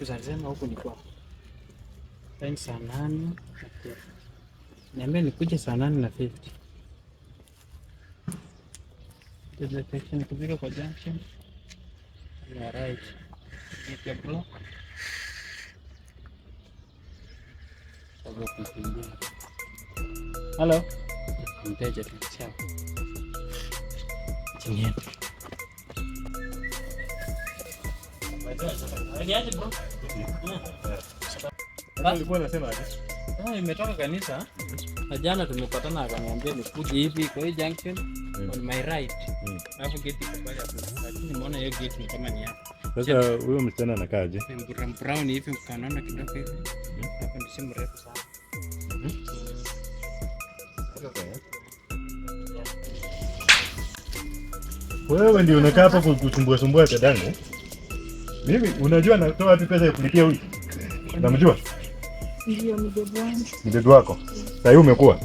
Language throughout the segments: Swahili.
za zema huku ni kwao. Yaani saa nane na fifty. Niambia nikuja saa nane na fifty. Nikifika kwa junction. ya right. Halo. Mteja tu chao. Chini Nimetoka kanisa eh? mm. na jana tumepatana, akaniambia nikuje hivi kwa hii junction mm. on my right, mm. alafu geti lakini nimeona hiyo geti ni kama ni yako. Sasa huyo msichana anakaaje? Brown hivi mkanaona kidogo hivi, hapo ni simu refu sana. Wewe ndio unakaa hapa kusumbua sumbua kadangu mimi unajua natoa wapi pesa ya kulipia huyu? Unamjua? Ndio, mdogo wangu. Mdogo wako. Sasa hivi umekuwa.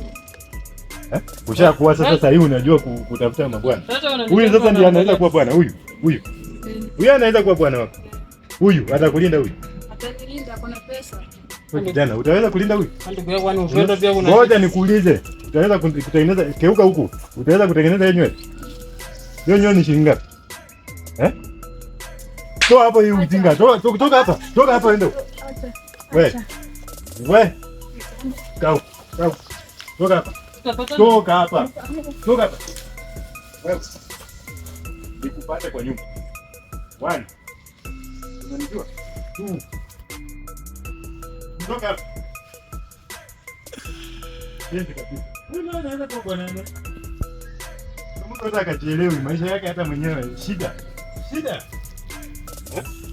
Eh? Ushakuwa sasa sasa hivi unajua kutafuta mabwana. Huyu sasa ndiye anaweza kuwa bwana huyu. Huyu. Huyu anaweza kuwa bwana wako. Huyu atakulinda huyu. Atakulinda kuna pesa. Kijana, utaweza kulinda huyu? Ah, Ngoja nikuulize. Utaweza kutengeneza keuka huku. Utaweza kutengeneza yenyewe? Yenyewe ni shilingi ngapi? Eh? Toa hapo hii ujinga. Toa toka hapa. Toka hapa ende. Wewe. Wewe. Kau. Kau. Toka hapa. Toka hapa. Toka hapa. Wewe. Nikupate kwa nyumba. One. Unanijua? Two. Toka hapa. Yende kabisa. Wewe unaanza kwa bwana. Mtu anataka kuelewa maisha yake hata mwenyewe. Shida. Shida. 어?